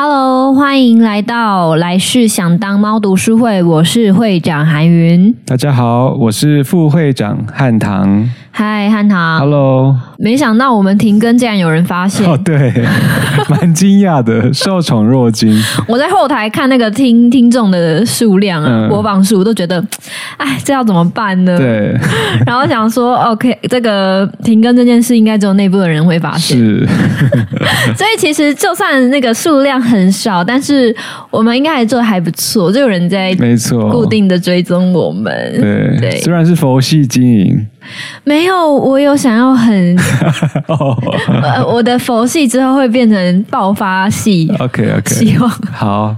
Hello，歡迎來到來世想當貓讀書會，我是會長韓云。大家好，我是副會長漢唐。嗨，漢唐 ha. Hello，沒想到我們停更竟然有人發現哦，oh, 對，蠻驚訝的，受寵若驚。 我在後台看那個聽聽眾的數量啊，播放、嗯、數，我都覺得，哎，這要怎麼辦呢？對。 然後想說，OK，這個停更這件事，應該只有內部的人會發現。是。 所以其實就算那個數量很少，但是我們應該還做得還不錯，就有人在沒錯固定的追蹤我們。對對，對雖然是佛系經營。沒有，我有想要很， oh. 我的佛系之後會變成爆發系。OK OK，希望好。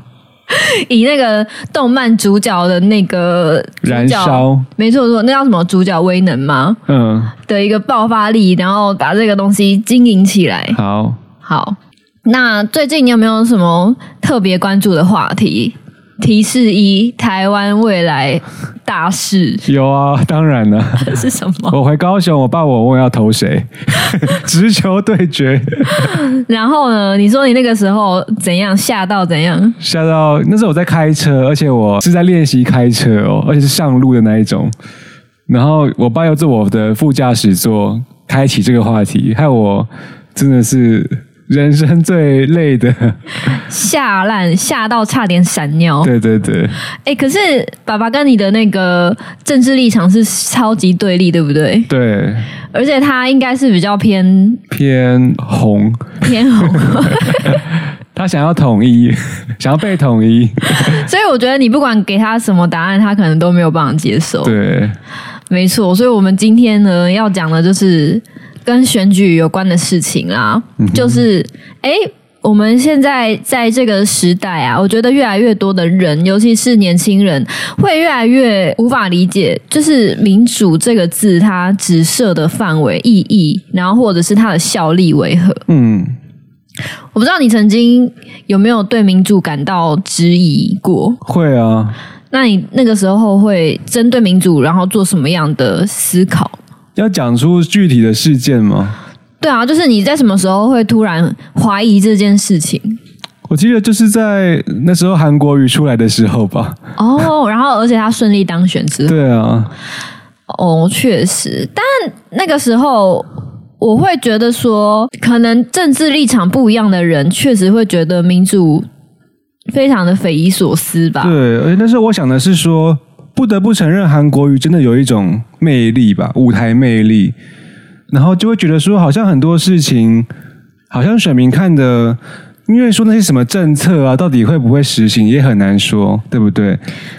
以那個動漫主角的那個燃燒，沒錯，沒錯，那叫什麼主角威能嗎？嗯，的一個爆發力，然後把這個東西經營起來。好，好。那最近你有沒有什麼特別關注的話題？提示一：台灣未來大事有啊，當然了。是什麼？我回高雄，我爸我問要投誰， 直球對決。 然後呢？你說你那個時候怎樣？嚇到怎樣？嚇到那時候我在開車，而且我是在練習開車哦，而且是上路的那一種。然後我爸又坐我的副駕駛座，開啟這個話題，害我真的是。人生最累的，嚇爛，嚇到差點閃尿。對對對，哎、欸，可是爸爸跟你的那個政治立場是超級對立，對不對？對，而且他應該是比較偏偏紅，偏紅。 他想要統一，想要被統一，所以我覺得你不管給他什麼答案，他可能都沒有辦法接受。對，沒錯。所以我們今天呢，要講的就是。跟選舉有關的事情啦，嗯、哼就是誒、欸、我們現在在這個時代啊，我覺得越來越多的人，尤其是年輕人，會越來越無法理解，就是民主這個字它指涉的範圍、意義，然後或者是它的效力為何？嗯，我不知道你曾經有沒有對民主感到質疑過？會啊。那你那個時候會針對民主，然後做什麼樣的思考？要講出具體的事件嗎？對啊，就是你在什麼時候會突然懷疑這件事情？我記得就是在那時候韓國瑜出來的時候吧。哦，oh, 然後而且他順利當選之後，對啊。哦，確實，但那個時候我會覺得說，可能政治立場不一樣的人確實會覺得民主非常的匪夷所思吧。對，而且那時候我想的是說，不得不承認韓國瑜真的有一種。魅力吧，舞台魅力，然後就會覺得說，好像很多事情，好像選民看的，因為說那些什麼政策啊，到底會不會實行也很難說，對不對？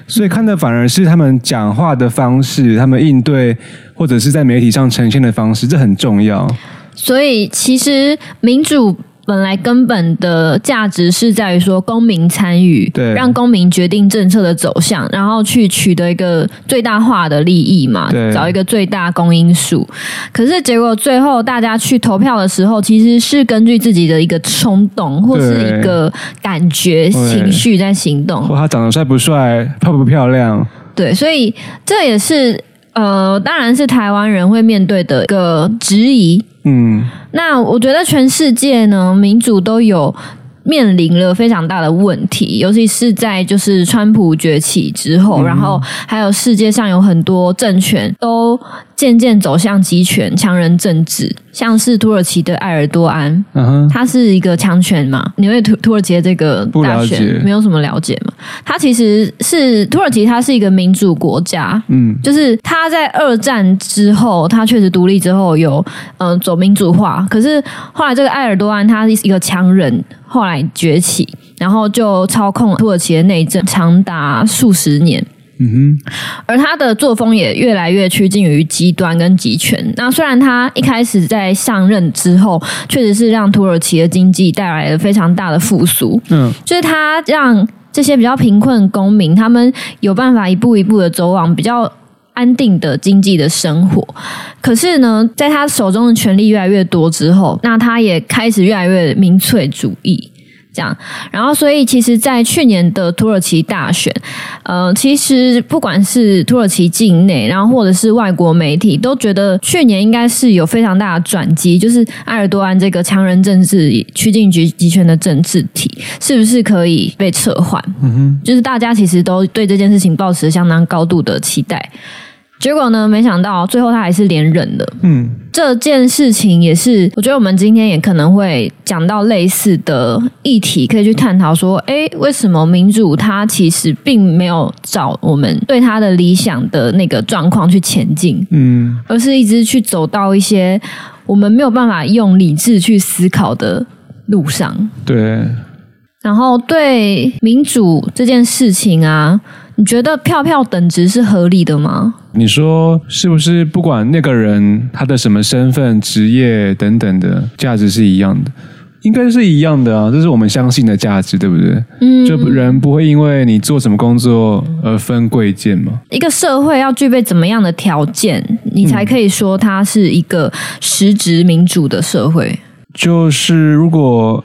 所以看的反而是他們講話的方式，他們應對或者是在媒體上呈現的方式，這很重要。所以其實民主。本來根本的價值是在於說公民參與，對，讓公民決定政策的走向，然後去取得一個最大化的利益嘛，對找一個最大公因數。可是結果最後大家去投票的時候，其實是根據自己的一個衝動或是一個感覺、情緒在行動，哇，他長得帥不帥、漂不漂亮。對，所以這也是呃，當然是台灣人會面對的一個質疑。嗯，那我覺得全世界呢，民主都有面臨了非常大的問題，尤其是在就是川普崛起之後，嗯、然後還有世界上有很多政權都漸漸走向集權、強人政治，像是土耳其的埃爾多安，嗯、啊哼，他是一個強權嘛？你對土土耳其的這個大選了沒有什麼了解嘛？他其實是土耳其，他是一個民主國家，嗯，就是他在二戰之後，他確實獨立之後有嗯、呃、走民主化，可是後來這個埃爾多安他是一個強人。後來崛起，然後就操控土耳其的內政長達數十年。嗯哼，而他的作風也越來越趨近於極端跟極權。那雖然他一開始在上任之後，確實是讓土耳其的經濟帶來了非常大的復甦。嗯，就是他讓這些比較貧困公民，他們有辦法一步一步的走往比較。安定的經濟的生活，可是呢，在他手中的權力越來越多之後，那他也開始越來越民粹主義。這樣，然後，所以，其實，在去年的土耳其大選，呃，其實不管是土耳其境內，然後或者是外國媒體，都覺得去年應該是有非常大的轉機，就是埃爾多安這個強人政治、趨近局極權的政治體，是不是可以被撤換？嗯哼，就是大家其實都對這件事情抱持相當高度的期待。結果呢？沒想到最後他還是連任了。嗯，這件事情也是，我覺得我們今天也可能會講到類似的議題，可以去探討說，哎，為什麼民主它其實並沒有找我們對它的理想的那個狀況去前進，嗯，而是一直去走到一些我們沒有辦法用理智去思考的路上。對，然後對民主這件事情啊。你覺得票票等值是合理的嗎？你說是不是不管那個人他的什麼身份、職業等等的價值是一樣的？應該是一樣的啊，這是我們相信的價值，對不對？嗯，就人不會因為你做什麼工作而分貴賤嘛。一個社會要具備怎麼樣的條件，你才可以說它是一個實質民主的社會？嗯、就是如果。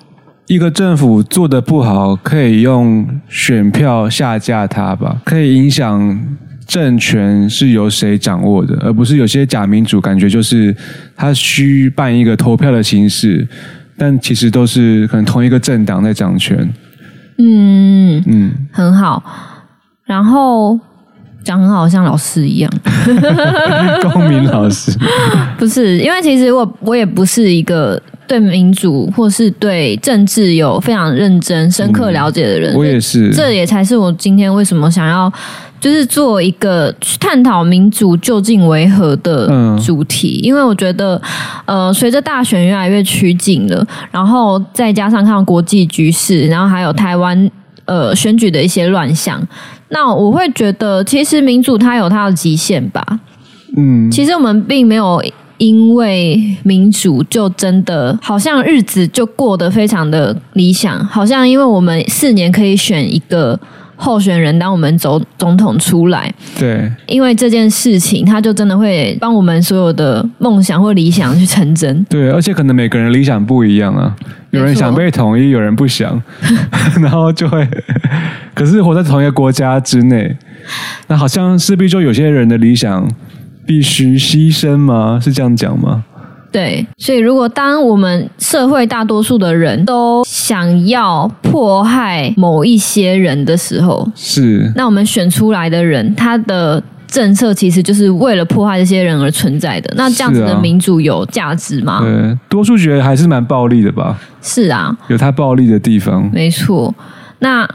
一個政府做的不好，可以用選票下架它吧？可以影響政權是由誰掌握的，而不是有些假民主，感覺就是他需辦一個投票的形式，但其實都是可能同一個政黨在掌權。嗯嗯，嗯很好。然後講很好，像老師一樣， 公民老師不是？因為其實我我也不是一個。對民主或是對政治有非常認真、嗯、深刻了解的人，我也是。這也才是我今天為什麼想要，就是做一個探討民主究竟為何的主題，嗯、因為我覺得，呃，隨着大選越來越趨近了，然後再加上看到國際局勢，然後還有台灣呃選舉的一些亂象，那我會覺得，其實民主它有它的極限吧。嗯，其實我們並沒有。因為民主就真的好像日子就過得非常的理想，好像因為我們四年可以選一個候選人，當我們總總統出來，對，因為這件事情他就真的會幫我們所有的夢想或理想去成真。對，而且可能每個人理想不一樣啊，有人想被統一，沒錯。有人不想，然後就會。可是活在同一個國家之內，那好像勢必就有些人的理想。必須犧牲嗎？是這樣講嗎？對，所以如果當我們社會大多數的人都想要迫害某一些人的時候，是那我們選出來的人，他的政策其實就是為了迫害這些人而存在的。那這樣子的民主有價值嗎？啊、對，多數覺得還是蠻暴力的吧。是啊，有他暴力的地方，沒錯。那。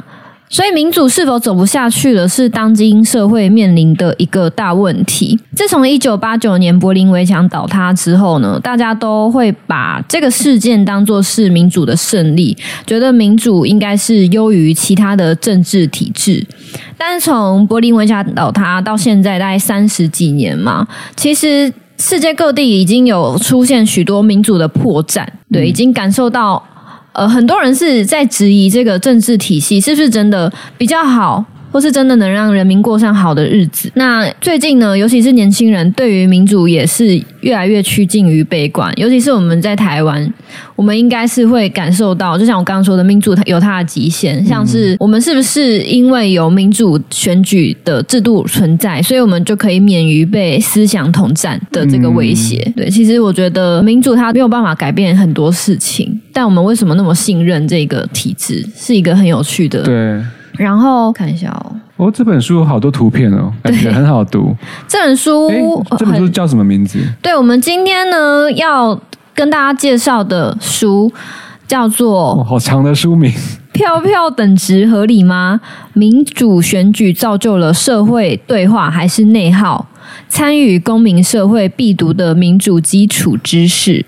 所以，民主是否走不下去了，是當今社會面臨的一個大問題。自從一九八九年柏林圍牆倒塌之後呢，大家都會把這個事件當作是民主的勝利，覺得民主應該是優於其他的政治體制。但是，從柏林圍牆倒塌到現在大概三十幾年嘛，其實世界各地已經有出現許多民主的破綻，對，已經感受到。呃，很多人是在質疑這個政治體系是不是真的比較好，或是真的能讓人民過上好的日子。那最近呢，尤其是年輕人對於民主也是越來越趨近於悲觀。尤其是我們在台灣，我們應該是會感受到，就像我剛剛說的，民主它有它的極限。像是我們是不是因為有民主選舉的制度存在，所以我們就可以免於被思想統戰的這個威脅？嗯、對，其實我覺得民主它沒有辦法改變很多事情，但我們為什麼那麼信任這個體制，是一個很有趣的。對。然後看一下哦，哦，這本書好多圖片哦，對感覺很好讀。這本書，這本書叫什麼名字？對我們今天呢要跟大家介紹的書叫做，哦，好長的書名，票票等值合理嗎？ 民主選舉造就了社會對話還是內耗？參與公民社會必讀的民主基礎知識。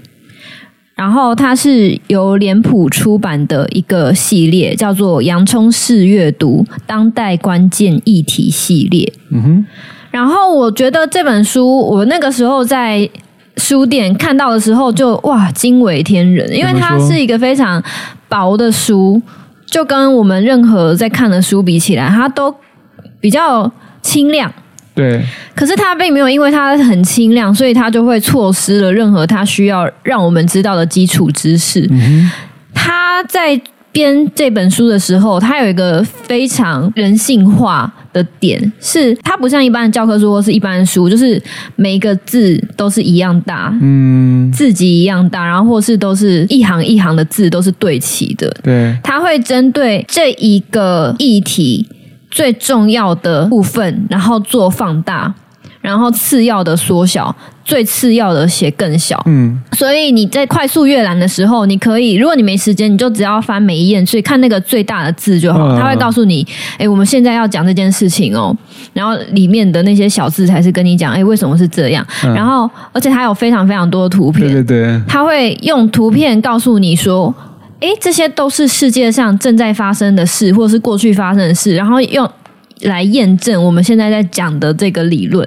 然後它是由臉譜出版的一個系列，叫做《洋蔥式閱讀：當代關鍵議題系列》。嗯哼。然後我覺得這本書，我那個時候在書店看到的時候就，就哇，驚為天人，因為它是一個非常薄的書，就跟我們任何在看的書比起來，它都比較輕量。對，可是他並沒有，因為他很輕量，所以他就會錯失了任何他需要讓我們知道的基礎知識。嗯、哼他在編這本書的時候，他有一個非常人性化的點，是他不像一般的教科書或是一般的書，就是每一個字都是一樣大，嗯，字級一樣大，然後或是都是一行一行的字都是對齊的。對，他會針對這一個議題。最重要的部分，然後做放大，然後次要的縮小，最次要的寫更小。嗯，所以你在快速閱覽的時候，你可以，如果你沒時間，你就只要翻每一頁，所以看那個最大的字就好。嗯、他會告訴你，誒、欸，我們現在要講這件事情哦，然後裡面的那些小字才是跟你講，誒、欸，為什麼是這樣？嗯、然後，而且他有非常非常多的圖片，對，對，對，他會用圖片告訴你說。誒，這些都是世界上正在發生的事，或是過去發生的事，然後用來驗證我們現在在講的這個理論。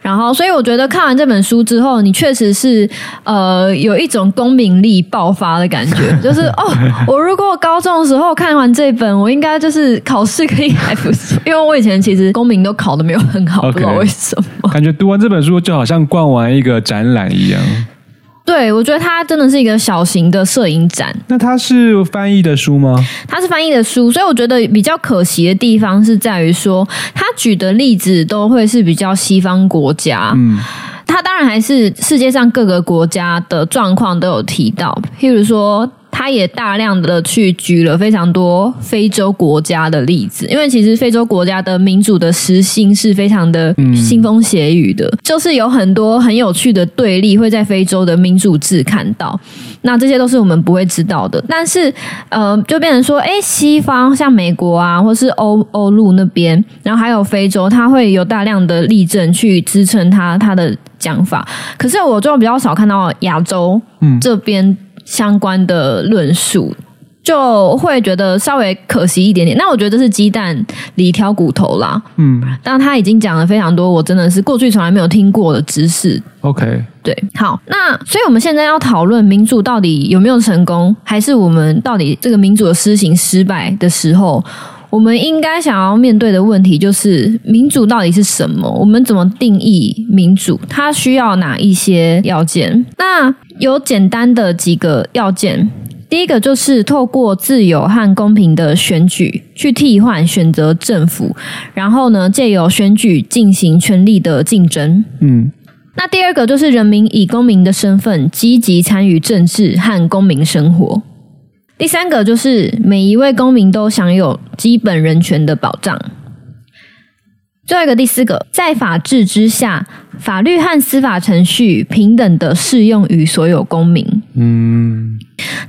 然後，所以我覺得看完這本書之後，你確實是呃有一種公民力爆發的感覺，就是哦，我如果高中的時候看完這本，我應該就是考試可以還不錯，因為我以前其實公民都考得沒有很好，okay, 不知道為什麼？感覺讀完這本書就好像逛完一個展覽一樣。對，我覺得它真的是一個小型的攝影展。那它是翻譯的書嗎？它是翻譯的書，所以我覺得比較可惜的地方是在於說，他舉的例子都會是比較西方國家。嗯，它他當然還是世界上各個國家的狀況都有提到，譬如說。他也大量的去舉了非常多非洲國家的例子，因為其實非洲國家的民主的實行是非常的腥風血雨的，就是有很多很有趣的對立會在非洲的民主制看到，那這些都是我們不會知道的。但是呃，就變成說，哎，西方像美國啊，或是歐歐陸那邊，然後還有非洲，它會有大量的例證去支撐他他的講法。可是我就比較少看到亞洲這邊。嗯相關的論述，就會覺得稍微可惜一點點。那我覺得這是雞蛋裡挑骨頭啦。嗯，但他已經講了非常多，我真的是過去從來沒有聽過的知識。OK，對，好，那所以我們現在要討論民主到底有沒有成功，還是我們到底這個民主的施行失敗的時候？我們應該想要面對的問題就是民主到底是什麼？我們怎麼定義民主？它需要哪一些要件？那有簡單的幾個要件，第一個就是透過自由和公平的選舉去替換選擇政府，然後呢，借由選舉進行權力的競爭。嗯，那第二個就是人民以公民的身份積極參與政治和公民生活。第三個就是每一位公民都享有基本人權的保障。最後一個、第四個，在法治之下，法律和司法程序平等的適用於所有公民。嗯，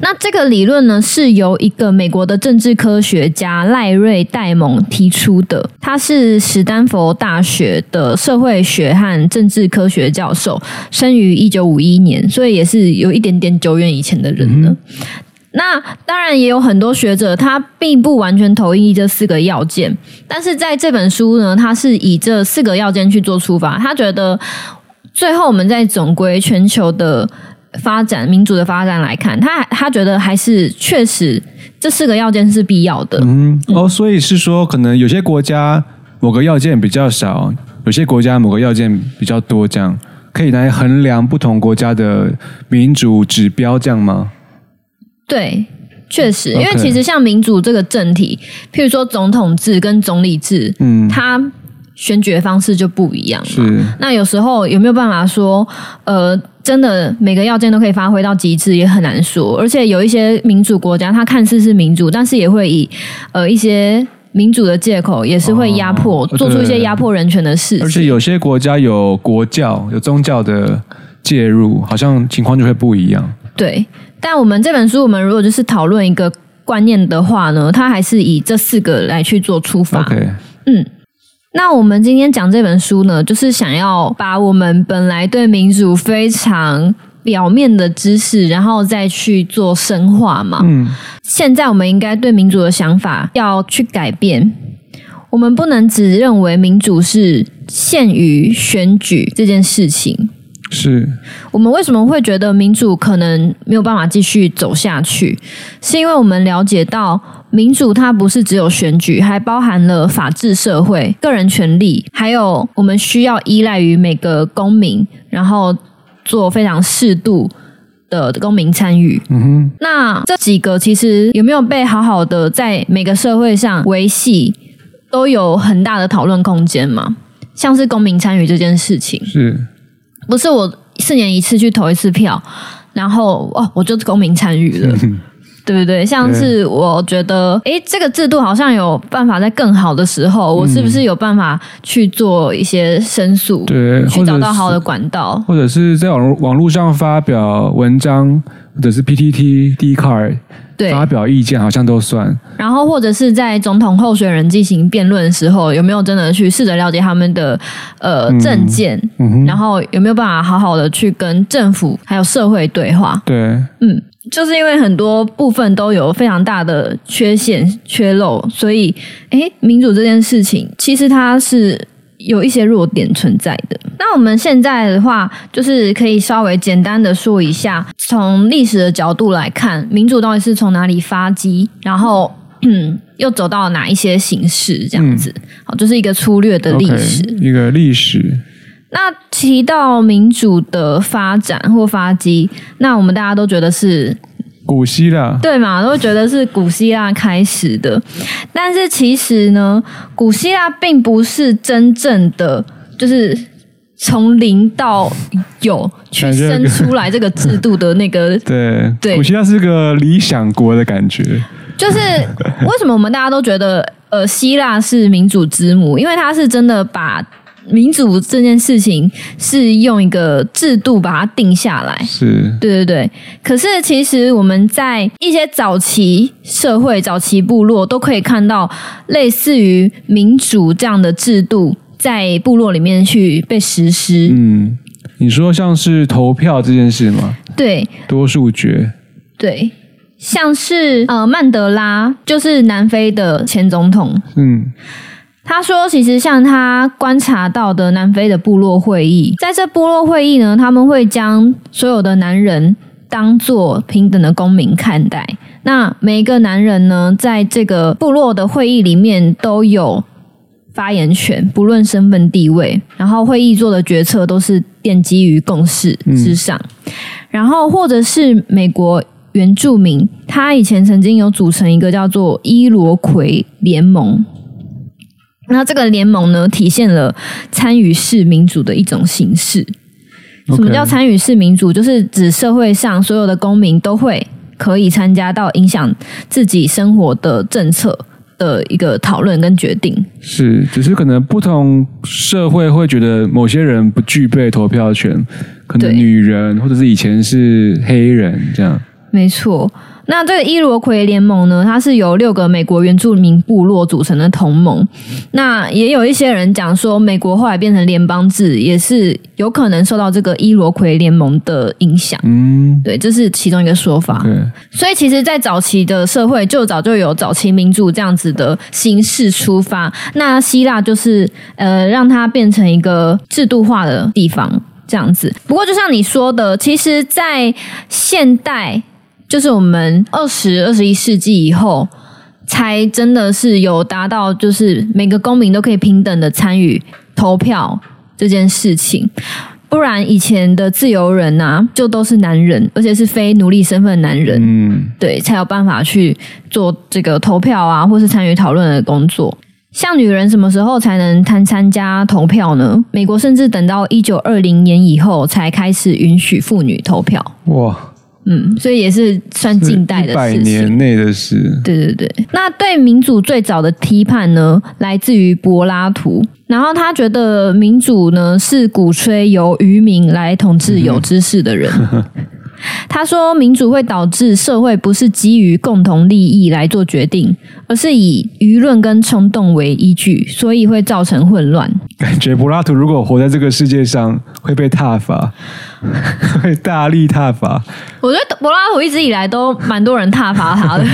那這個理論呢，是由一個美國的政治科學家賴瑞戴蒙提出的。他是史丹佛大學的社會學和政治科學教授，生於一九五一年，所以也是有一點點久遠以前的人了。嗯那當然也有很多學者，他並不完全同意這四個要件，但是在這本書呢，他是以這四個要件去做出發，他覺得最後我們再總歸全球的發展、民主的發展來看，他他覺得還是確實這四個要件是必要的。嗯哦，所以是說可能有些國家某個要件比較少，有些國家某個要件比較多，這樣可以來衡量不同國家的民主指標，這樣嗎？對，確實，因為其實像民主這個政體，Okay 譬如說總統制跟總理制，嗯，它選舉的方式就不一樣。是，那有時候有沒有辦法說，呃，真的每個要件都可以發揮到極致，也很難說。而且有一些民主國家，它看似是民主，但是也會以呃一些民主的借口，也是會壓迫，哦、做出一些壓迫人權的事。而且有些國家有國教、有宗教的介入，好像情況就會不一樣。對。但我們這本書，我們如果就是討論一個觀念的話呢，它還是以這四個來去做出發。Okay. 嗯，那我們今天講這本書呢，就是想要把我們本來對民主非常表面的知識，然後再去做深化嘛。嗯，現在我們應該對民主的想法要去改變，我們不能只認為民主是限於選舉這件事情。是我們為什麼會覺得民主可能沒有辦法繼續走下去？是因為我們了解到民主它不是只有選舉，還包含了法治社會、個人權利，還有我們需要依賴於每個公民，然後做非常適度的公民參與。嗯哼，那這幾個其實有沒有被好好的在每個社會上維繫，都有很大的討論空間嘛？像是公民參與這件事情，是。不是我四年一次去投一次票，然後哦，我就公民參與了，是對不對？像是我覺得，哎對，這個制度好像有辦法在更好的時候，我是不是有辦法去做一些申訴？對，去找到好的管道，或者，或者是在網網絡上發表文章，或者是 PTT、Dcard 對發表意見好像都算，然後或者是在總統候選人進行辯論的時候，有沒有真的去試着了解他們的呃政見？嗯嗯、然後有沒有辦法好好的去跟政府還有社會對話？對，嗯，就是因為很多部分都有非常大的缺陷缺漏，所以哎，民主這件事情其實它是。有一些弱點存在的。那我們現在的話，就是可以稍微簡單的說一下，從歷史的角度來看，民主到底是從哪裡發跡，然後嗯，又走到哪一些形式這樣子，嗯、好，就是一個粗略的歷史，okay, 一個歷史。那提到民主的發展或發跡，那我們大家都覺得是。古希臘，對嘛？都覺得是古希臘開始的，但是其實呢，古希臘並不是真正的就是從零到有去生出來這個制度的那個。這個、 對，對。古希臘是個理想國的感覺。就是為什麼我們大家都覺得呃，希臘是民主之母，因為他是真的把。民主這件事情是用一個制度把它定下來。是對對對。可是其實我們在一些早期社會、早期部落都可以看到，類似於民主這樣的制度在部落裡面去被實施。嗯，你說像是投票這件事嗎？對，多數決。對，像是呃，曼德拉就是南非的前總統。嗯。他說：“其實像他觀察到的，南非的部落會議，在這部落會議呢，他們會將所有的男人當作平等的公民看待。那每一個男人呢，在這個部落的會議裡面都有發言權，不論身份地位。然後會議做的決策都是奠基於共識之上。嗯、然後或者是美國原住民，他以前曾經有組成一個叫做伊羅魁聯盟。”那這個聯盟呢，體現了參與式民主的一種形式。Okay. 什麼叫參與式民主？就是指社會上所有的公民都會可以參加到影響自己生活的政策的一個討論跟決定。是，只是可能不同社會會覺得某些人不具備投票權，可能女人對或者是以前是黑人這樣。沒錯，那這個伊羅奎聯盟呢，它是由六個美國原住民部落組成的同盟。那也有一些人講說，美國後來變成聯邦制，也是有可能受到這個伊羅奎聯盟的影響。嗯，對，這是其中一個說法。對，所以其實，在早期的社會就早就有早期民主這樣子的形式出發。那希臘就是呃，讓它變成一個制度化的地方這樣子。不過，就像你說的，其實，在現代。就是我們二十二十一世紀以後，才真的是有達到，就是每個公民都可以平等的參與投票這件事情。不然以前的自由人吶、啊，就都是男人，而且是非奴隸身份的男人，嗯，對，才有辦法去做這個投票啊，或是參與討論的工作。像女人什麼時候才能參參加投票呢？美國甚至等到一九二零年以後，才開始允許婦女投票。哇！嗯，所以也是算近代的事，是一百年內的事。對對對，那對民主最早的批判呢，來自於柏拉圖，然後他覺得民主呢是鼓吹由愚民來統治有知識的人。嗯哼 他說：“民主會導致社會不是基於共同利益來做決定，而是以輿論跟衝動為依據，所以會造成混亂。”感覺柏拉圖如果活在這個世界上，會被撻伐，會大力撻伐。我覺得柏拉圖一直以來都蠻多人撻伐他的。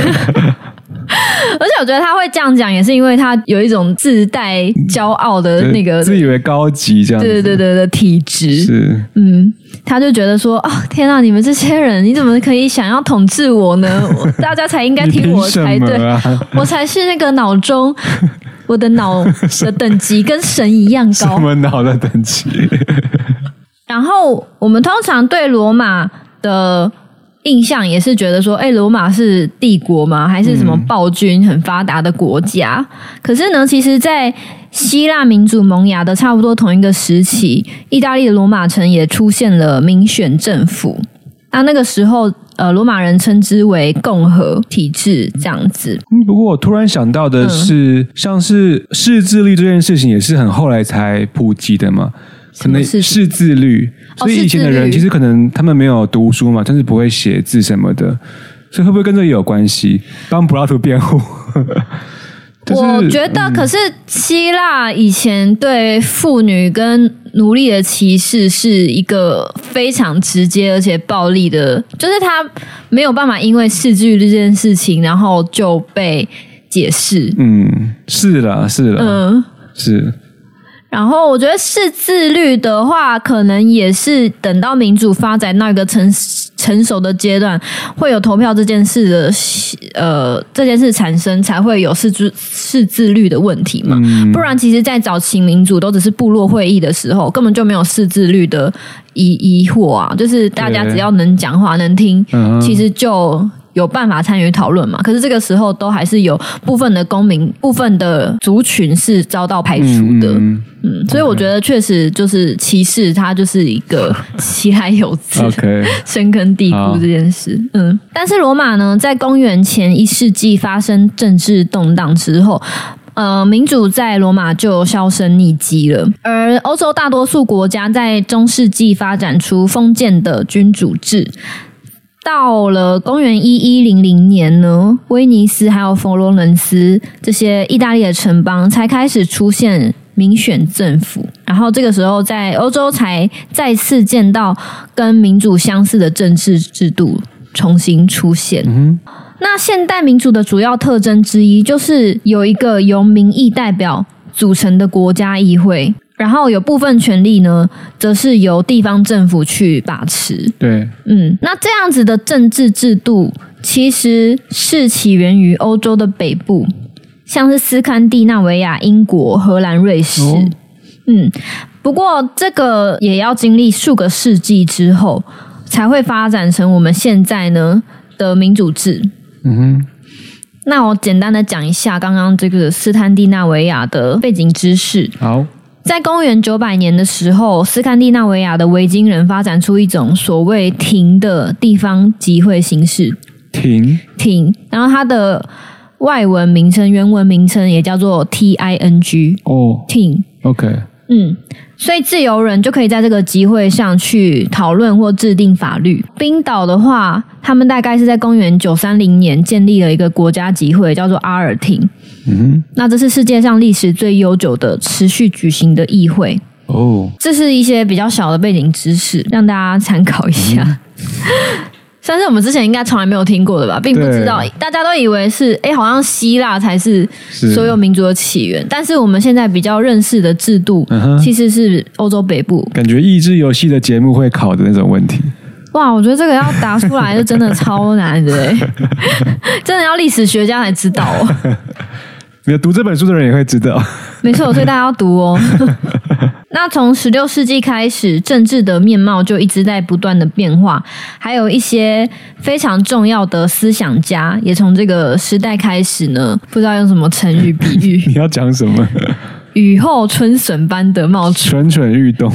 而且我覺得他會這樣講，也是因為他有一種自帶驕傲的那個自以為高級這樣子，對對對的體質。是，嗯，他就覺得說，哦，天啊，你們這些人，你怎麼可以想要統治我呢？我大家才應該聽我才對，啊、我才是那個腦中我的腦的等級跟神一樣高。我們腦的等級。 然後我們通常對羅馬的。印象也是覺得說，哎、欸，羅馬是帝國嗎？還是什麼暴君很發達的國家？嗯、可是呢，其實，在希臘民主萌芽的差不多同一個時期，意大利的羅馬城也出現了民選政府。那那個時候，呃，羅馬人稱之為共和體制，這樣子。嗯，不過我突然想到的是，嗯、像是識字率這件事情，也是很後來才普及的嘛？可能是識字率，所以以前的人其實可能他們沒有讀書嘛，哦、是但是不會寫字什麼的，所以會不會跟這個也有關係？幫柏拉圖辯護？ 就是、我覺得，可是希臘以前對婦女跟奴隸的歧視是一個非常直接而且暴力的，就是他沒有辦法因為識字率這件事情，然後就被解釋。嗯，是啦，是啦，嗯，是。然後我覺得，識字率的話，可能也是等到民主發展那個成成熟的階段，會有投票這件事的，呃，這件事產生，才會有識字識字率的問題嘛。嗯、不然，其實在早期民主都只是部落會議的時候，根本就沒有識字率的疑疑惑啊。就是大家只要能講話、能聽，對其實就。嗯有辦法參與討論嘛？可是這個時候，都還是有部分的公民、部分的族群，是遭到排除的。嗯，嗯 Okay. 所以我覺得確實就是歧視，它就是一個其來有自、Okay. 深根蒂固這件事。好嗯，但是羅馬呢，在公元前一世紀發生政治動盪之後，呃，民主在羅馬就銷聲匿跡了。而歐洲大多數國家在中世紀發展出封建的君主制。到了公元一一零零年呢，威尼斯還有佛羅倫斯這些意大利的城邦才開始出現民選政府，然後這個時候在歐洲才再次見到跟民主相似的政治制度重新出現。嗯哼，那現代民主的主要特徵之一就是有一個由民意代表組成的國家議會。然後有部分權力呢，則是由地方政府去把持。對，嗯，那這樣子的政治制度其實是起源於歐洲的北部，像是斯堪的納維亞、英國、荷蘭、瑞士。哦、嗯，不過這個也要經歷數個世紀之後，才會發展成我們現在呢的民主制。嗯哼，那我簡單的講一下剛剛這個斯堪的納維亞的背景知識。好。在公元九百年的時候，斯堪的納維亞的維京人發展出一種所謂“庭”的地方集會形式。庭，庭，然後它的外文名稱、原文名稱也叫做 T I N G、oh, 庭。哦，庭，OK，嗯，所以自由人就可以在這個集會上去討論或制定法律。冰島的話，他們大概是在公元九三零年建立了一個國家集會，叫做阿爾庭。嗯、那這是世界上歷史最悠久的持續舉行的議會哦。這是一些比較小的背景知識，讓大家參考一下。嗯、算是我們之前應該從來沒有聽過的吧，並不知道。對大家都以為是哎，好像希臘才是所有民族的起源，是，但是我們現在比較認識的制度，嗯、哼其實是歐洲北部。感覺益智遊戲的節目會考的那種問題。哇，我覺得這個要答出來就真的超難的， 真的要歷史學家才知道、哦 讀這本書的人也會知道，沒錯，所以大家要讀哦。 那從十六世紀開始，政治的面貌就一直在不斷的變化，還有一些非常重要的思想家也從這個時代開始呢。不知道用什麼成語比喻， 你要講什麼？雨後春筍般的冒出，蠢蠢欲動。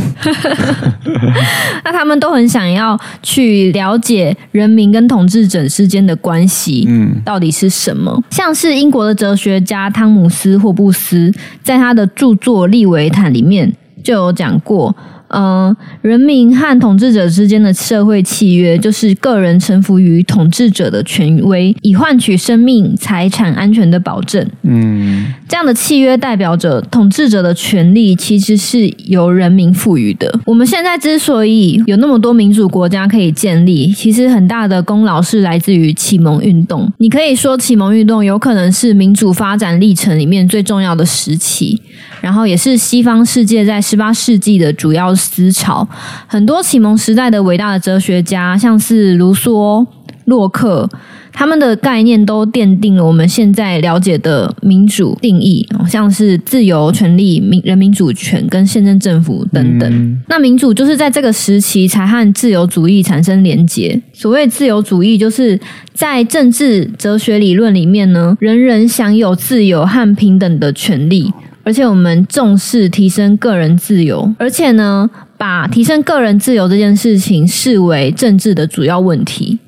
那他們都很想要去了解人民跟統治者之間的關係，到底是什麼？嗯、像是英國的哲學家湯姆斯·霍布斯，在他的著作《利維坦》裡面就有講過。嗯、呃，人民和統治者之間的社會契約，就是個人臣服於統治者的權威，以換取生命、財產安全的保證。嗯，這樣的契約代表着統治者的權力，其實是由人民賦予的。我們現在之所以有那麼多民主國家可以建立，其實很大的功勞是來自於啟蒙運動。你可以說，啟蒙運動有可能是民主發展歷程裡面最重要的時期。然後也是西方世界在十八世紀的主要思潮，很多啟蒙時代的偉大的哲學家，像是盧梭、洛克，他們的概念都奠定了我們現在了解的民主定義，像是自由、權利、民人民主權跟憲政政府等等。嗯、那民主就是在這個時期才和自由主義產生連結。所謂自由主義，就是在政治哲學理論裡面呢，人人享有自由和平等的權利。而且我們重視提升個人自由，而且呢，把提升個人自由這件事情視為政治的主要問題。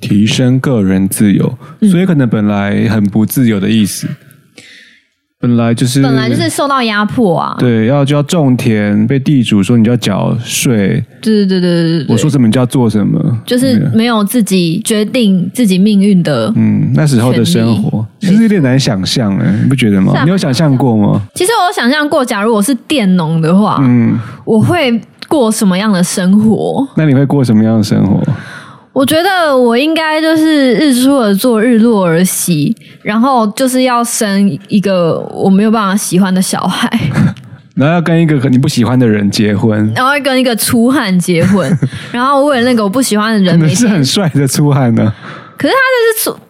提升個人自由，嗯，所以可能本來很不自由的意思。本來就是，本來就是受到壓迫啊！對，要就要種田，被地主說你就要繳稅。對對對對對，我說什麼你就要做什麼，就是沒有自己決定自己命運的。嗯，那時候的生活其實有點難想象誒、欸，你不覺得嗎？啊、你有想象過嗎？其實我有想象過，假如我是佃農的話，嗯，我會過什麼樣的生活？那你會過什麼樣的生活？我覺得我應該就是日出而作，日落而息，然後就是要生一個我沒有辦法喜歡的小孩，然後要跟一個很你不喜歡的人結婚，然後要跟一個粗漢結婚， 然後為了那個我不喜歡的人，你是很帥的粗漢呢？可是他就是粗。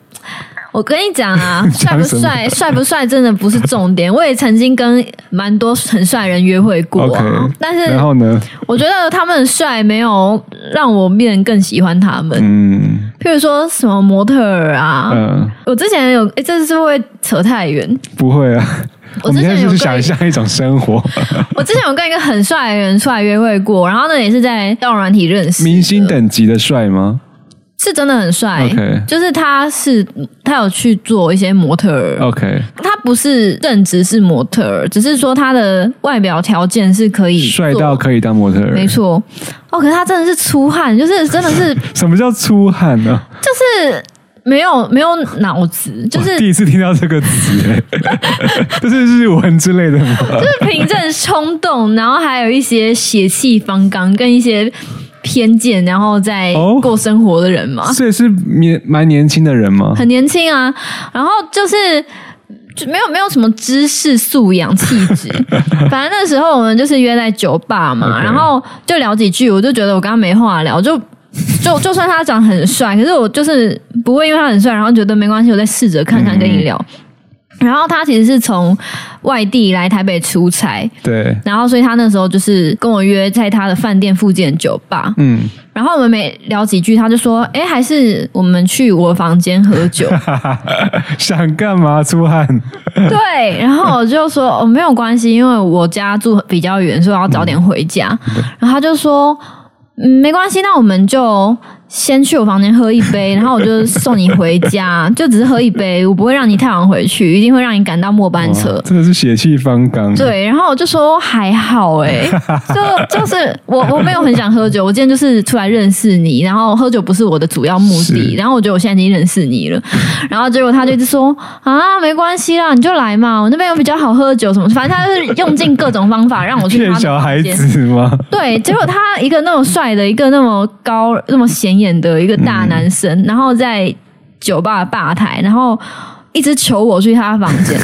我跟你講啊，帥不帥，帥不帥，真的不是重點。我也曾經跟蠻多很帥的人約會過、啊，okay, 但是，然後呢，我覺得他們帥沒有讓我變更喜歡他們。嗯，譬如說什麼模特兒啊，嗯、呃，我之前有，哎、欸，這是不是會扯太遠？不會啊。我之前就是想象一種生活。我之前有跟一個很帥的人出來約會過， 然後呢也是在道軟體認識。明星等級的帥嗎？是真的很帥，Okay. 就是他是他有去做一些模特兒，Okay. 他不是正職，是模特兒，只是說他的外表條件是可以帥到可以當模特兒，沒錯、哦。可是他真的是出汗，就是真的是 什麼叫出汗呢、啊？就是沒有沒有腦子，就是第一次聽到這個詞， 就是日文之類的就是憑著衝動，然後還有一些血氣方剛，跟一些。偏見，然後再過生活的人嘛。哦、是也是年蠻年輕的人嘛。很年輕啊，然後就是就沒有沒有什麼知識素養、氣質。反正那時候我們就是約在酒吧嘛，Okay. 然後就聊幾句，我就覺得我剛剛沒話聊，就就就算他長很帥，可是我就是不會因為他很帥，然後覺得沒關係，我再試着看看跟你聊。嗯、然後他其實是從。外地來台北出差，對，然後所以他那時候就是跟我約在他的飯店附近酒吧，嗯，然後我們沒聊幾句，他就說，哎，還是我們去我房間喝酒，想幹嘛出汗？對，然後我就說哦，沒有關係，因為我家住比較遠，所以我要早點回家。嗯，然後他就說，嗯，沒關係，那我們就。先去我房間喝一杯，然後我就送你回家， 就只是喝一杯，我不會讓你太晚回去，一定會讓你趕到末班車。真的是血氣方剛。對，然後我就說還好哎，欸，就就是我我沒有很想喝酒，我今天就是出來認識你，然後喝酒不是我的主要目的。是然後我覺得我現在已經認識你了，然後結果他就一直說啊，沒關係啦，你就來嘛，我那邊有比較好喝的酒什麼，反正他就是用盡各種方法讓我去他。騙小孩子嗎？對，結果他一個那麼帥的，一個那麼高，那麼顯。演的一個大男生，然後在酒吧的吧台，然後一直求我去他房間，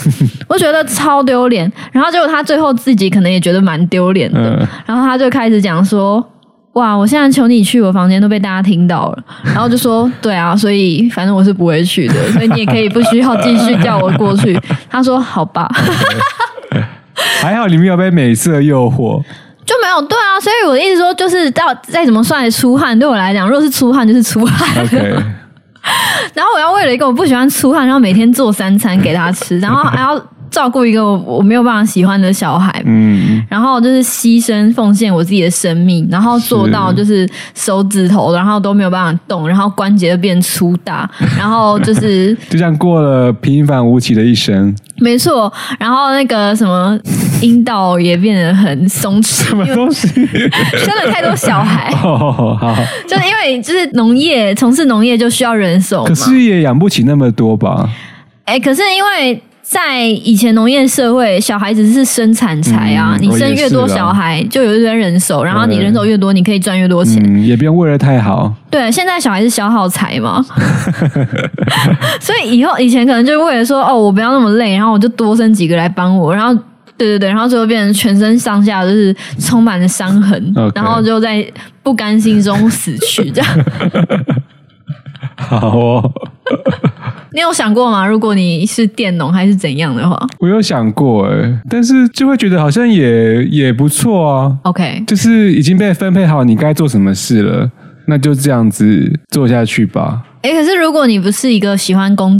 我覺得超丟臉。然後結果他最後自己可能也覺得蠻丟臉的，然後他就開始講說：“哇，我現在求你去我房間都被大家聽到了。”然後就說：“對啊，所以反正我是不會去的，所以你也可以不需要繼續叫我過去。”他說：“好吧，okay. 還好你們有被美色誘惑。”就沒有，對啊，所以我的意思說，就是到再，再怎麼算出汗，對我來講，如果是出汗就是出汗。Okay. 然後我要為了一個我不喜歡出汗，然後每天做三餐給他吃，然後還要。 照顧一個我，我沒有辦法喜歡的小孩，嗯，然後就是犧牲奉獻我自己的生命，然後做到就是手指頭，然後都沒有辦法動，然後關節就變粗大，然後就是就像過了平凡無奇的一生，沒錯。然後那個什麼陰道也變得很鬆弛，什麼東西生了太多小孩，oh, oh, oh, oh. 就是因為就是農業從事農業就需要人手，可是也養不起那麼多吧？哎、欸，可是因為。在以前農業社會，小孩子是生產財啊，嗯、你生越多小孩，就有一堆人手，然後你人手越多，你可以賺越多錢，嗯、也不用為了太好。對，現在小孩子消耗財嘛， 所以以後以前可能就為了說，哦，我不要那麼累，然後我就多生幾個來幫我，然後對對對，然後最後變成全身上下都是充滿了傷痕，Okay. 然後就在不甘心中死去這樣。好哦。 你有想過嗎？如果你是佃農還是怎樣的話，我有想過哎、欸，但是就會覺得好像也也不錯啊。OK，就是已經被分配好你該做什麼事了，那就這樣子做下去吧。哎、欸，可是如果你不是一個喜歡工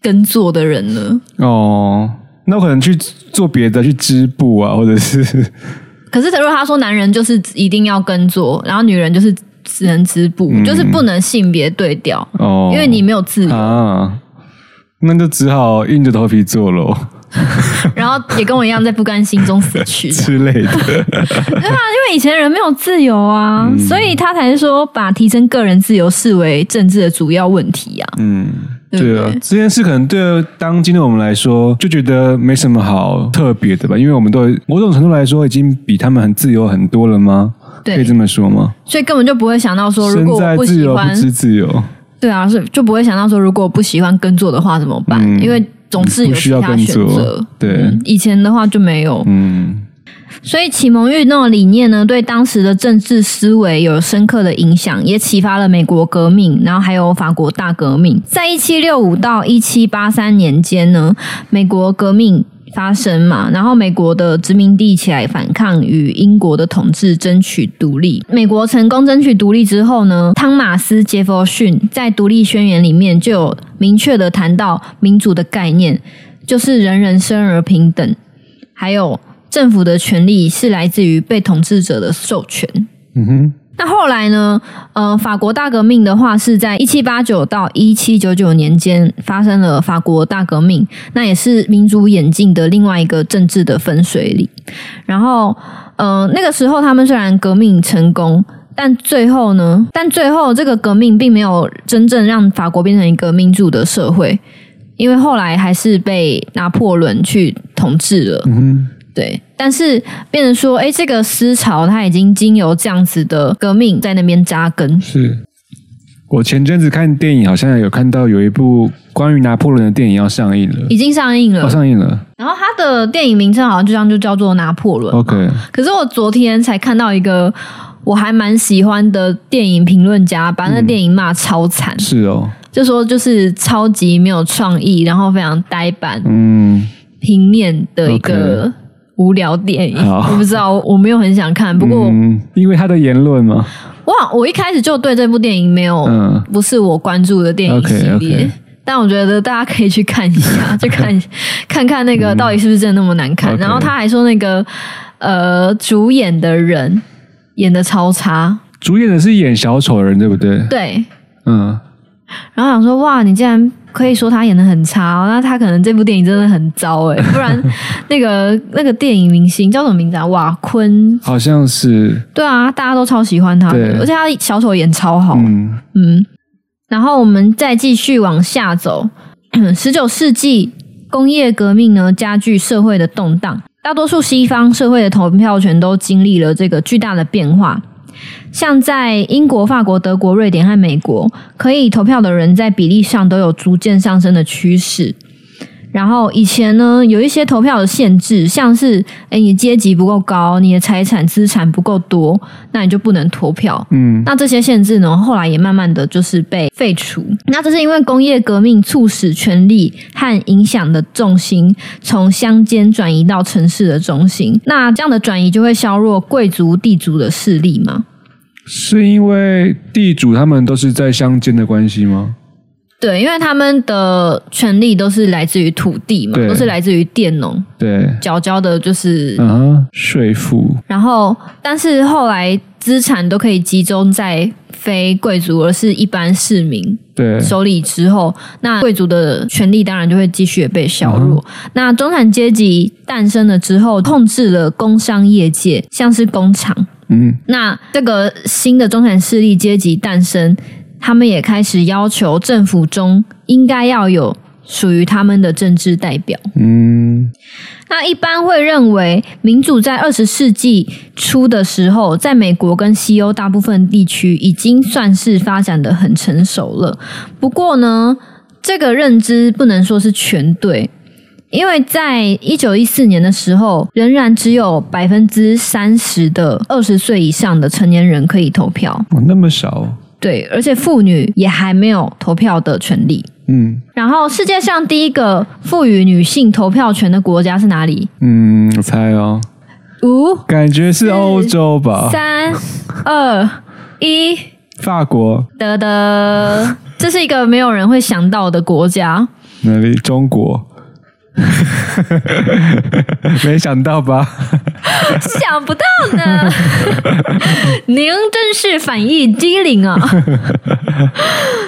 耕作的人呢？哦，那我可能去做別的，去織布啊，或者是……可是，如果他說男人就是一定要耕作，然後女人就是……只能織布，嗯、就是不能性別對調哦，因為你沒有自由啊，那就只好硬着頭皮做嘍。 然後也跟我一樣在不甘心中死去之類的， 對啊，因為以前人沒有自由啊，嗯、所以他才說把提升個人自由視為政治的主要問題啊。嗯，對吧，對啊，這件事可能對當今的我們來說就覺得沒什麼好特別的吧，因為我們都某種程度來說已經比他們很自由很多了嗎？對可以這麼說嗎？所以根本就不會想到說，如果我不喜歡，自由自由對啊，是就不會想到說，如果我不喜歡耕作的話怎麼辦？嗯、因為總是有其他選擇。對、嗯，以前的話就沒有。嗯，所以啟蒙運動理念呢，對當時的政治思維有深刻的影響，也啟發了美國革命，然後還有法國大革命。在一七六五到一七八三年間呢，美國革命，發生嘛，然後美國的殖民地起來反抗，與英國的統治爭取獨立。美國成功爭取獨立之後呢，湯馬斯·傑佛遜在《獨立宣言》裡面就有明確地談到民主的概念，就是人人生而平等，還有政府的權力是來自於被統治者的授權。嗯哼。那後來呢？呃，法國大革命的話，是在一七八九到一七九九年間發生了法國大革命。那也是民主演進的另外一個政治的分水嶺。然後，呃，那個時候他們雖然革命成功，但最後呢？但最後這個革命並沒有真正讓法國變成一個民主的社會，因為後來還是被拿破崙去統治了。嗯。對，但是變成說，哎，這個思潮它已經經由這樣子的革命在那邊紮根。是。我前陣子看電影，好像有看到有一部關於拿破崙的電影要上映了，已經上映了，哦，上映了。然後它的電影名稱好像就這樣就叫做拿破崙。OK，可是我昨天才看到一個我還蠻喜歡的電影評論家，把那個電影罵超慘。嗯，是哦，就說就是超級沒有創意，然後非常呆板，嗯，平面的一個。Okay。無聊電影，oh. 我不知道，我沒有很想看。不過，嗯、因為他的言論嘛，哇，我一開始就對這部電影沒有，嗯、不是我關注的電影系列。Okay, okay. 但我覺得大家可以去看一下，就看看 看看那個到底是不是真的那麼難看。嗯、然後他還說那個 Okay. 呃，主演的人演的超差，主演的是演小丑的人，對不對？對，嗯。然後想說，哇，你竟然。可以說他演得很差。哦，那他可能這部電影真的很糟誒，不然，那個 那個電影明星叫什麼名字啊？瓦昆，好像是。對啊，大家都超喜歡他的，對而且他小丑演超好。嗯、嗯，然後我們再繼續往下走。十九 世紀工業革命呢，加劇社會的動盪，大多數西方社會的投票權都經歷了這個巨大的變化。像在英國、法國、德國、瑞典和美國，可以投票的人在比例上都有逐漸上升的趨勢。然後以前呢，有一些投票的限制，像是，誒，你階級不夠高，你的財產資產不夠多，那你就不能投票。嗯，那這些限制呢，後來也慢慢的就是被廢除。那這是因為工業革命促使權力和影響的重心，從鄉間轉移到城市的中心。那這樣的轉移就會削弱貴族地主的勢力嗎？是因為地主他們都是在鄉間的關係嗎？對，因為他們的權利都是來自於土地嘛，對都是來自於佃農，對，繳交的就是、啊、稅賦。然後，但是後來資產都可以集中在非貴族而是一般市民對手裡之後，那貴族的權利當然就會繼續被削弱。啊、那中產階級誕生了之後，控制了工商業界，像是工廠，嗯，那這個新的中產勢力階級誕生。他們也開始要求政府中應該要有屬於他們的政治代表。嗯，那一般會認為民主在二十世紀初的時候，在美國跟西歐大部分地區已經算是發展得很成熟了。不過呢，這個認知不能說是全對，因為在一九一四年的時候，仍然只有百分之三十的二十歲以上的成年人可以投票。哇、哦，那麼少。對，而且婦女也還沒有投票的權利。嗯，然後世界上第一個賦予女性投票權的國家是哪裡？嗯，我猜哦，五，感覺是歐洲吧？四、三、二、一，法國。等等，這是一個沒有人會想到的國家。哪裡？中國？ 沒想到吧？想不到呢， 您真是反應機靈啊！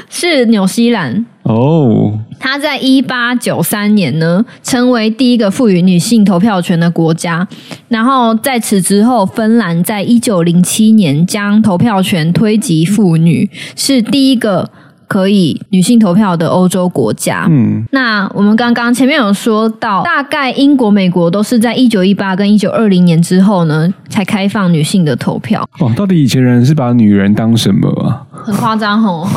是紐西蘭哦，它在一八九三年呢，成為第一個賦予女性投票權的國家。然後在此之後，芬蘭在一九零七年將投票權推及婦女，是第一個可以女性投票的歐洲國家，嗯，那我們剛剛前面有說到，大概英國、美國都是在一九一八跟一九二零年之後呢，才開放女性的投票。哇、哦,到底以前人是把女人當什麼啊？很誇張哦，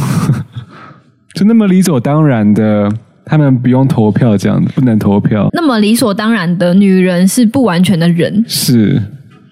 就那麼理所當然的，他們不用投票這樣子，不能投票，那麼理所當然的女人是不完全的人，是，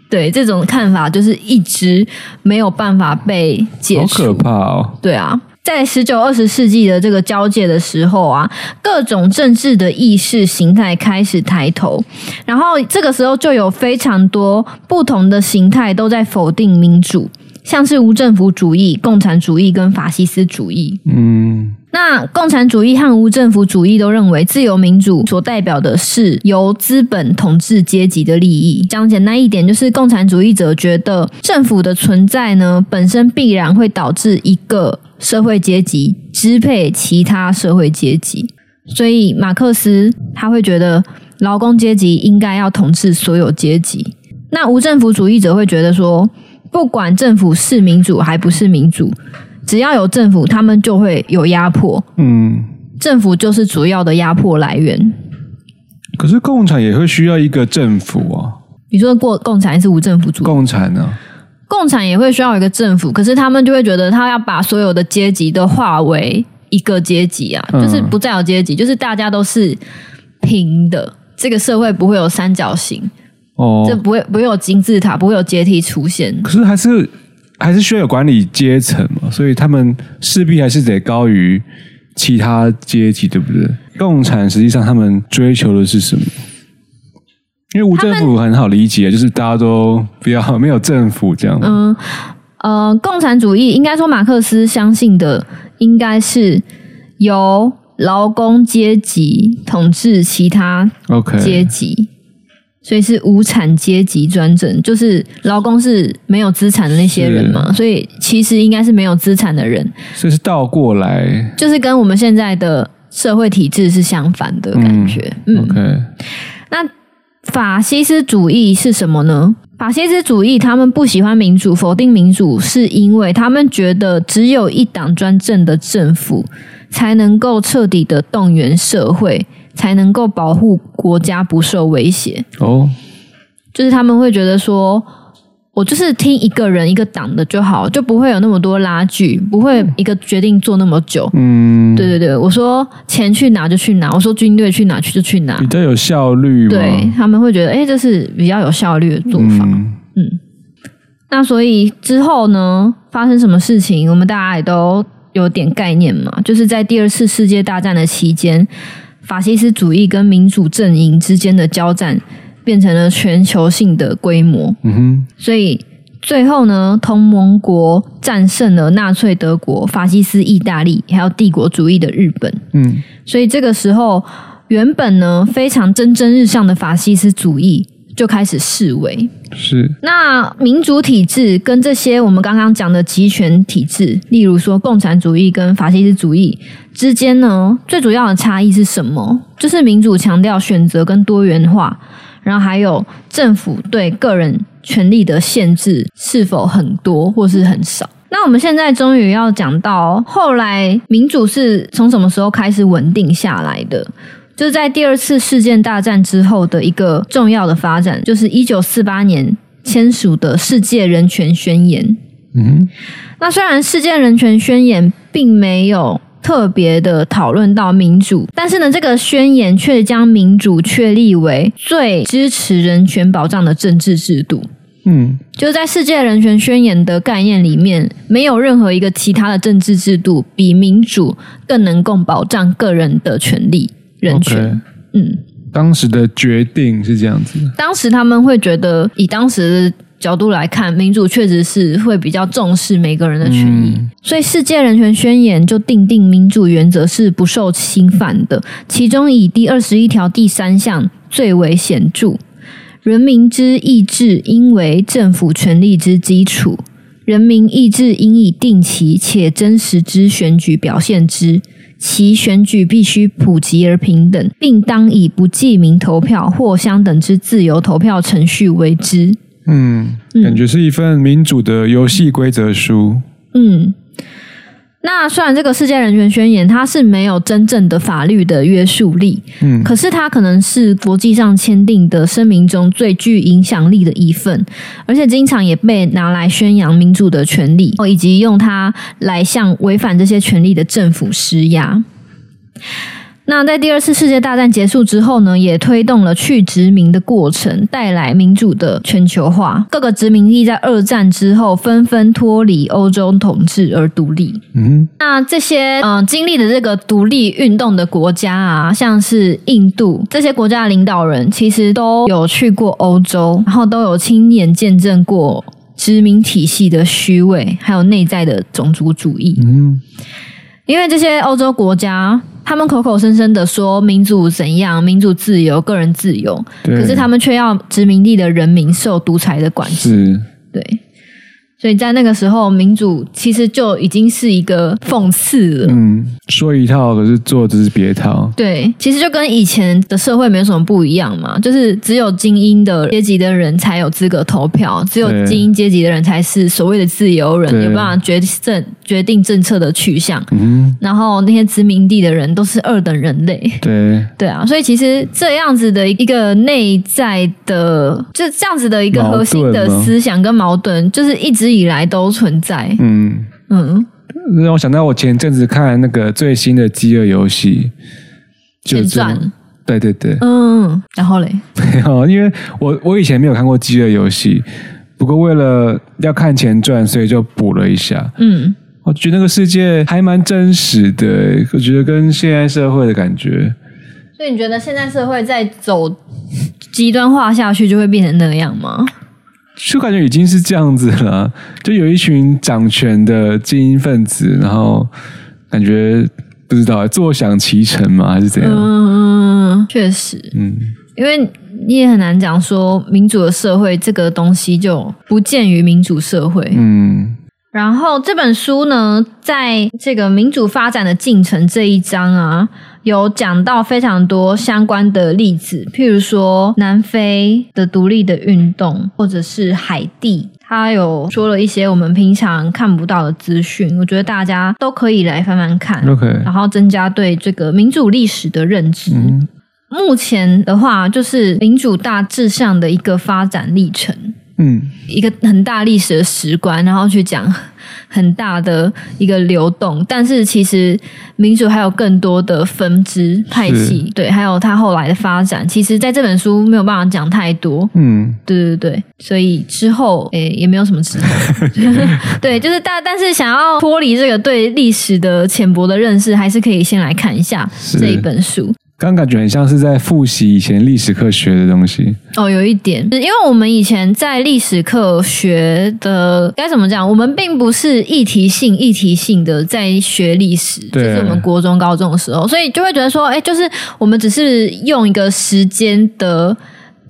對這種看法就是一直沒有辦法被解釋，好可怕哦，對啊。在十九二十世紀的這個交界的時候啊，各種政治的意識形態開始抬頭，然後這個時候就有非常多不同的形態都在否定民主，像是無政府主義、共產主義跟法西斯主義。嗯，那共產主義和無政府主義都認為自由民主所代表的是由資本統治階級的利益。講簡單一點，就是共產主義者覺得政府的存在呢，本身必然會導致一個。社會階級支配其他社會階級，所以馬克思他會覺得勞工階級應該要統治所有階級。那無政府主義者會覺得說，不管政府是民主還不是民主，只要有政府，他們就會有壓迫。嗯，政府就是主要的壓迫來源。可是共產也會需要一個政府啊？你說過共產是無政府主義？共產呢、啊？共產也會需要一個政府，可是他們就會覺得他要把所有的階級都化為一個階級啊，嗯、就是不再有階級，就是大家都是平的，這個社會不會有三角形，這、哦、不會不會有金字塔，不會有階梯出現。可是還是還是需要有管理階層嘛，所以他們勢必還是得高於其他階級，對不對？共產實際上他們追求的是什麼？因為無政府很好理解，們就是大家都不要，沒有政府這樣。嗯，呃，共產主義應該說，馬克思相信的應該是由勞工階級統治其他階級。Okay. 所以是無產階級專政，就是勞工是沒有資產的那些人嘛，是所以其實應該是沒有資產的人，所以是倒過來，就是跟我們現在的社會體制是相反的感覺。嗯，okay. 嗯，那。法西斯主義是什麼呢？法西斯主義他們不喜歡民主，否定民主，是因為他們覺得只有一黨專政的政府才能夠徹底的動員社會，才能夠保護國家不受威脅。哦，oh. 就是他們會覺得說。我就是聽一個人一個黨的就好，就不會有那麼多拉鋸，不會一個決定做那麼久。嗯，對對對，我說錢去哪就去哪，我說軍隊去哪去就去哪，比較有效率。對，他們會覺得，哎，這是比較有效率的做法。嗯，嗯，那所以之後呢，發生什麼事情，我們大家也都有點概念嘛。就是在第二次世界大戰的期間，法西斯主義跟民主陣營之間的交戰，變成了全球性的規模，嗯哼，所以最後呢，同盟國戰勝了納粹德國、法西斯意大利，還有帝國主義的日本，嗯，所以這個時候，原本呢非常蒸蒸日上的法西斯主義。就開始示威。是。那民主體制跟這些我們剛剛講的集權體制，例如說共產主義跟法西斯主義之間呢，最主要的差異是什麼？就是民主強調選擇跟多元化，然後還有政府對個人權利的限制是否很多或是很少。嗯。那我們現在終於要講到，後來民主是從什麼時候開始穩定下來的？就是在第二次世界大戰之後的一個重要的發展，就是一九四八年簽署的《世界人權宣言》。嗯，那雖然《世界人權宣言》並沒有特別的討論到民主，但是呢，這個宣言卻將民主確立為最支持人權保障的政治制度。嗯，就是在《世界人權宣言》的概念裡面，沒有任何一個其他的政治制度比民主更能夠保障個人的權利。人權，okay，嗯，當時的決定是這樣子。當時他們會覺得，以當時的角度來看，民主確實是會比較重視每個人的權益，嗯、所以《世界人權宣言》就定定民主原則是不受侵犯的，其中以第二十一條第三項最為顯著：人民之意志，應為政府權力之基礎；人民意志應以定期且真實之選舉表現之。其選舉必須普及而平等，並當以不記名投票或相等之自由投票程序為之。嗯，感覺是一份民主的遊戲規則書。嗯。嗯。那雖然這個世界人權宣言它是沒有真正的法律的約束力，嗯，可是它可能是國際上簽訂的聲明中最具影響力的一份，而且經常也被拿來宣揚民主的權利，以及用它來向違反這些權利的政府施壓。那在第二次世界大戰結束之後呢，也推動了去殖民的過程，帶來民主的全球化。各個殖民地在二戰之後紛紛脫離歐洲統治而獨立。嗯，那這些嗯、呃、經歷的這個獨立運動的國家啊，像是印度這些國家的領導人，其實都有去過歐洲，然後都有親眼見證過殖民體系的虛偽，還有內在的種族主義。嗯。因為這些歐洲國家，他們口口聲聲的說民主怎樣、民主自由、個人自由，對可是他們卻要殖民地的人民受獨裁的管制，是對。所以在那個時候，民主其實就已經是一個諷刺了。嗯，說一套可是做的是別一套。對，其實就跟以前的社會沒有什麼不一樣嘛，就是只有精英的階級的人才有資格投票，只有精英階級的人才是所謂的自由人，對有辦法決定政決定政策的去向。嗯，然後那些殖民地的人都是二等人類。對，對啊，所以其實這樣子的一個內在的，就這樣子的一個核心的思想跟矛盾，矛盾就是一直。以來都存在，嗯嗯，讓、嗯、我想到我前陣子看那個最新的遊戲《飢餓遊戲》前傳轉對對對，嗯，然後嘞，然 因為我我以前沒有看過《飢餓遊戲》，不過為了要看前傳，所以就補了一下，嗯，我覺得那個世界還蠻真實的、欸，我覺得跟現在社會的感覺。所以你覺得現在社會在走極端化下去，就會變成那樣嗎？就感覺已經是這樣子了，就有一群掌權的精英分子，然後感覺不知道坐享其成嘛，還是怎樣？嗯，確實，嗯，因為你也很難講說民主的社會這個東西就不見於民主社會。嗯，然後這本書呢，在這個民主發展的進程這一章啊。有講到非常多相關的例子，譬如說南非的獨立的運動，或者是海地，他有說了一些我們平常看不到的資訊，我覺得大家都可以來翻翻看，Okay. 然後增加對這個民主歷史的認知。嗯、目前的話，就是民主大致上的一個發展歷程。嗯，一個很大歷史的史觀，然後去講很大的一個流動，但是其實民主還有更多的分支派系，是對，還有它後來的發展，其實在這本書沒有辦法講太多。嗯，對對對，所以之後誒也沒有什麼值得， 對，就是大，但是想要脫離這個對歷史的淺薄的認識，還是可以先來看一下這一本書。剛感覺很像是在複習以前歷史課學的東西哦，有一點，因為我們以前在歷史課學的，該怎麼講，我們並不是議題性、議題性的在學歷史，對就是我們國中、高中的時候，所以就會覺得說，哎，就是我們只是用一個時間的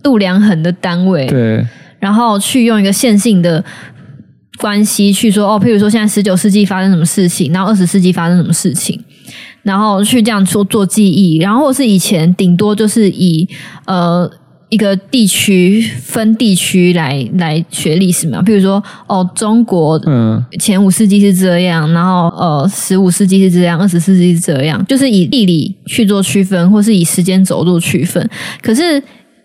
度量衡的單位，對，然後去用一個線性的關係去說，哦，譬如說現在十九世紀發生什麼事情，然後二十世紀發生什麼事情。然後去這樣說做,做記憶，然後是以前頂多就是以呃一個地區分地區來來學歷史嘛，譬如說哦中國，嗯，前五世紀是這樣，然後呃十五世紀是這樣，二十世紀是這樣，就是以地理去做區分，或是以時間軸做區分。可是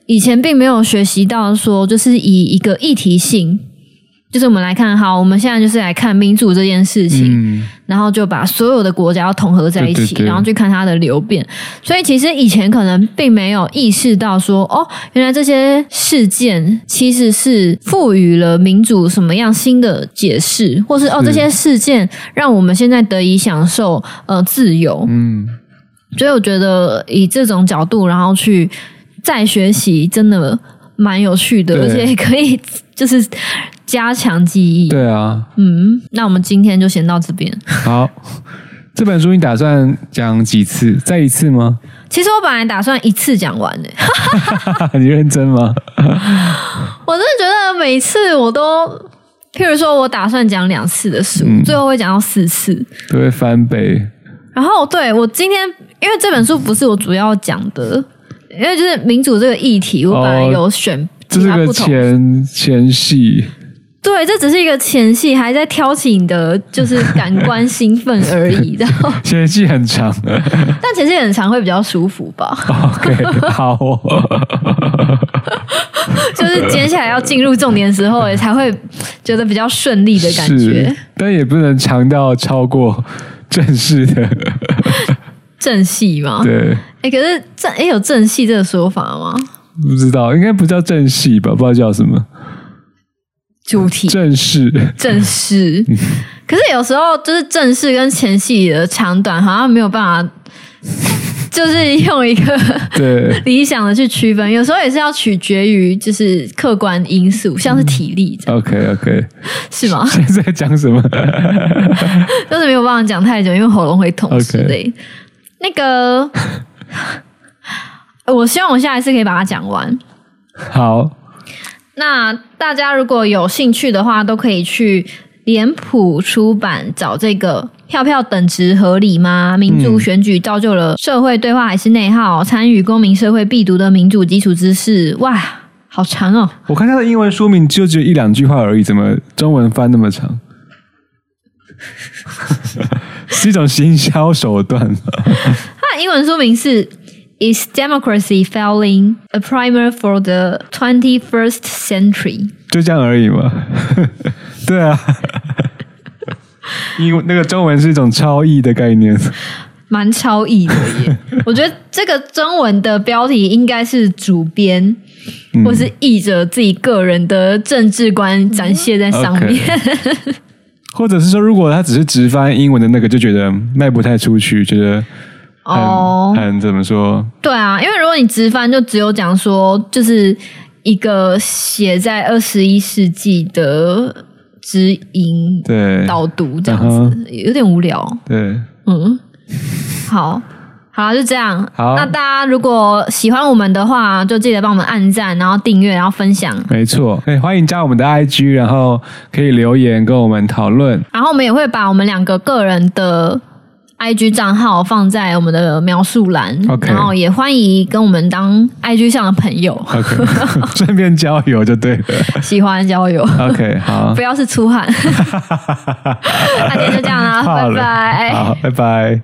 以前並沒有學習到說，就是以一個議題性。就是我們來看哈，我們現在就是來看民主這件事情，嗯，然後就把所有的國家要統合在一起，對對對，然後去看它的流變。所以其實以前可能並沒有意識到說，哦，原來這些事件其實是賦予了民主什麼樣新的解釋，或是，是哦，這些事件讓我們現在得以享受呃自由。嗯，所以我覺得以這種角度然後去再學習，真的蠻有趣的，對而且可以就是。加強記憶，對啊，嗯，那我們今天就先到這邊。好，這本書你打算講幾次？再一次嗎？其實我本來打算一次講完的。欸， 你認真嗎？我真的覺得每次我都，譬如說，我打算講兩次的書，嗯、最後會講到四次，都會翻倍。然後對我今天，因為這本書不是我主要講的，因為就是民主這個議題，我本來有選，這是個前前戲。對，這只是一個前戲，還在挑起你的就是感官興奮而已。然後前戲很長，但前戲很長會比較舒服吧？Okay, 好， 就是接下來要進入重點時候，也才會覺得比較順利的感覺。但也不能強調超過正式的正戲嘛？對。哎，可是正也有正戲這個說法嗎？不知道，應該不叫正戲吧？不知道叫什麼。主題正式，正式。嗯、可是有時候就是正式跟前戲的長短，好像沒有辦法，就是用一個對理想的去區分。有時候也是要取決於就是客觀因素，像是體力這樣。嗯、OK，OK，okay, okay 是嗎？現在講什麼？ 就是沒有辦法講太久，因為喉嚨會痛之類。OK，那個，我希望我下一次可以把它講完。好。那大家如果有興趣的話，都可以去臉譜出版找這個票票等值合理嗎？民主選舉造就了社會對話還是內耗？參與公民社會必讀的民主基礎知識。哇，好長哦！我看它的英文說明就只有一兩句話而已，怎麼中文翻那麼長？ 是一種行銷手段。啊， 它的英文說明是。Is democracy failing a primer for the 21st century？就這樣而已嘛。 對啊，英 那個中文是一種超譯的概念，蠻超譯的耶。 我覺得這個中文的標題應該是主編、嗯、或是譯者自己個人的政治觀展現在上面，Okay. 或者是說，如果他只是直翻英文的那個，就覺得賣不太出去，覺得。哦，很怎麼說、哦？對啊，因為如果你直翻，就只有講說，就是一個寫在二十一世紀的指引，對，導讀這樣子，嗯、有點無聊。對，嗯，好好就這樣。好，那大家如果喜歡我們的話，就記得幫我們按讚，然後訂閱，然後分享。沒錯錯，哎對、欸，歡迎加我們的 IG，然後可以留言跟我們討論。然後我們也會把我們兩個個人的。I G 賬號放在我們的描述欄，Okay. 然後也歡迎跟我們當 I G 上的朋友，順 Okay. 便交友就對了，喜歡交友。O、okay, K，好，不要是出汗。 那今天就這樣啦、啊，了拜拜，好，拜拜。